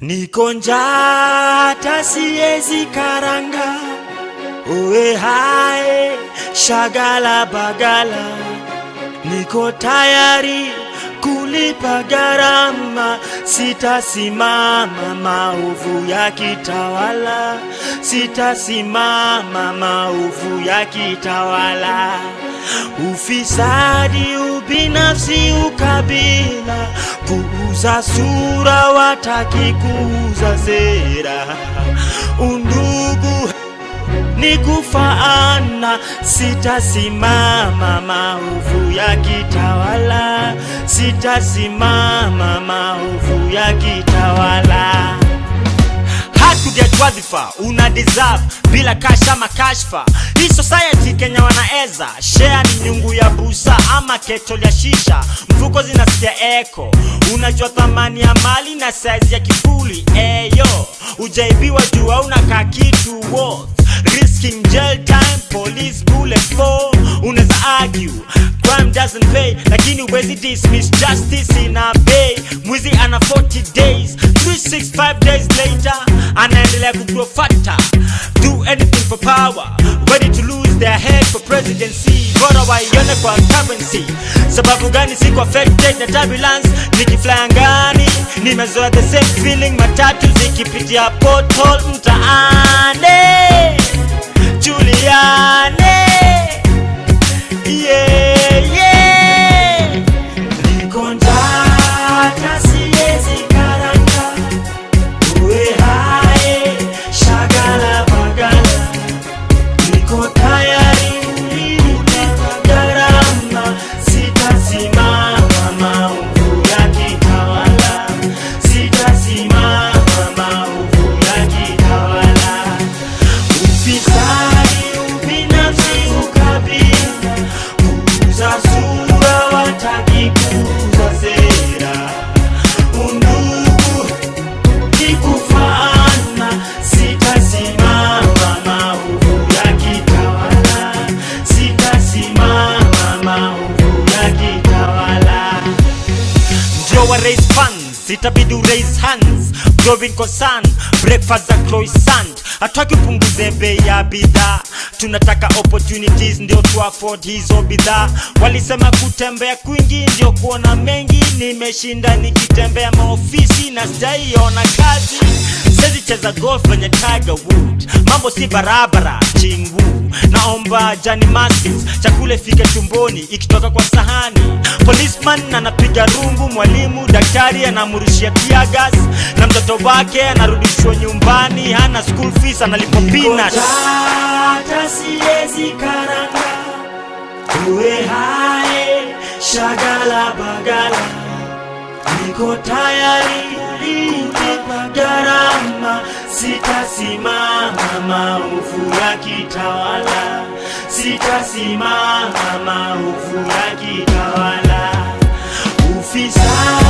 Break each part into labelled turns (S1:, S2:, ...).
S1: Niko njaa siezi karanga, uwe hae shagala bagala, niko tayari kulipa gharama, sitasimama maovu ya kitawala, sitasimama maovu ya kitawala, ufisadi, ubinafsi, ukabila kuhu kuuza sura, wataki kuuza sera. Undugu ni kufaana, sitasimama maovu ya kitawala, sitasimama maovu ya kitawala
S2: vya wadhifa una deserve bila kasha ama Hii society Kenya wanaeza share ni nyungu ya busa ama keto ya shisha, mfuko zinasikia eko. Unajua thamani ya mali na size ya kifuli, eyo ujaibiwa jua unakaa kakitu risk in jail time, police bullet fall. Unaweza argue crime doesn't pay, lakini uwezi dismiss justice in a bay. Mwizi ana 40 days, 365 days later anaendelea kugrow fatter. Do anything for power their head for presidency, bora waione kwa currency. Sababu gani siku affected na turbulence? Nikiflyangani nimezoa the same feeling, matatu zikipitia pothole mtaane Juliane itabidi uraise hands growing concern breakfast za croissant hataki upunguze bei ya bidhaa tunataka opportunities ndio tu afford hizo bidhaa walisema kutembea kwingi ndio kuona mengi nimeshinda nikitembea maofisi na sijaiona kazi sezi cheza golf kwenye tiger wood mambo si barabara chingu naomba jani massive, chakule fike tumboni ikitoka kwa sahani. Policeman anapiga rungu, mwalimu daktari anamrushia tiagas gas, na mtoto wake anarudishwa nyumbani, hana school fees, analipwa peanuts.
S1: uwe hae shagala bagala niko tayari, ingipa gharama, sitasimama, maovu kitawala sitasimama, maovu kitawala, ufisadi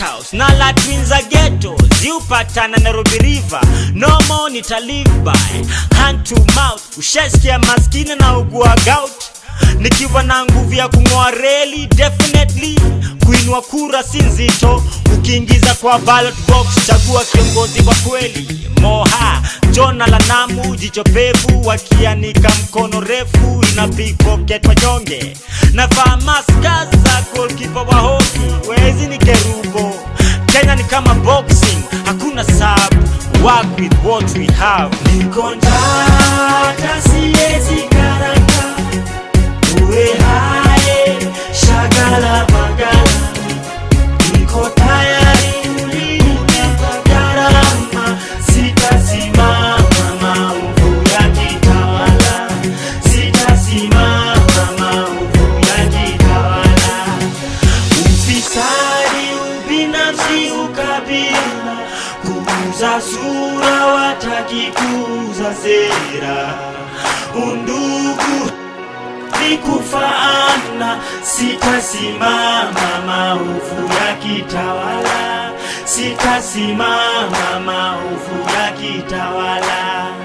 S2: house na la twins are ghettos you patana Nairobi river no more nita live by hand to mouth ushasikia maskini na ugua gout nikiwa na nguvu ya kung'oa reli definitely kuinua kura si nzito ukiingiza kwa ballot box chagua kiongozi wa kweli moha jona la namu jicho pevu wakianika mkono refu inapikoketwa nyonge navaa maska za waho what we have.
S1: Lincoln Town. za sura watakikuza sera. Undugu ni kufaana, sitasimama maovu yakitawala, sitasimama maovu yakitawala.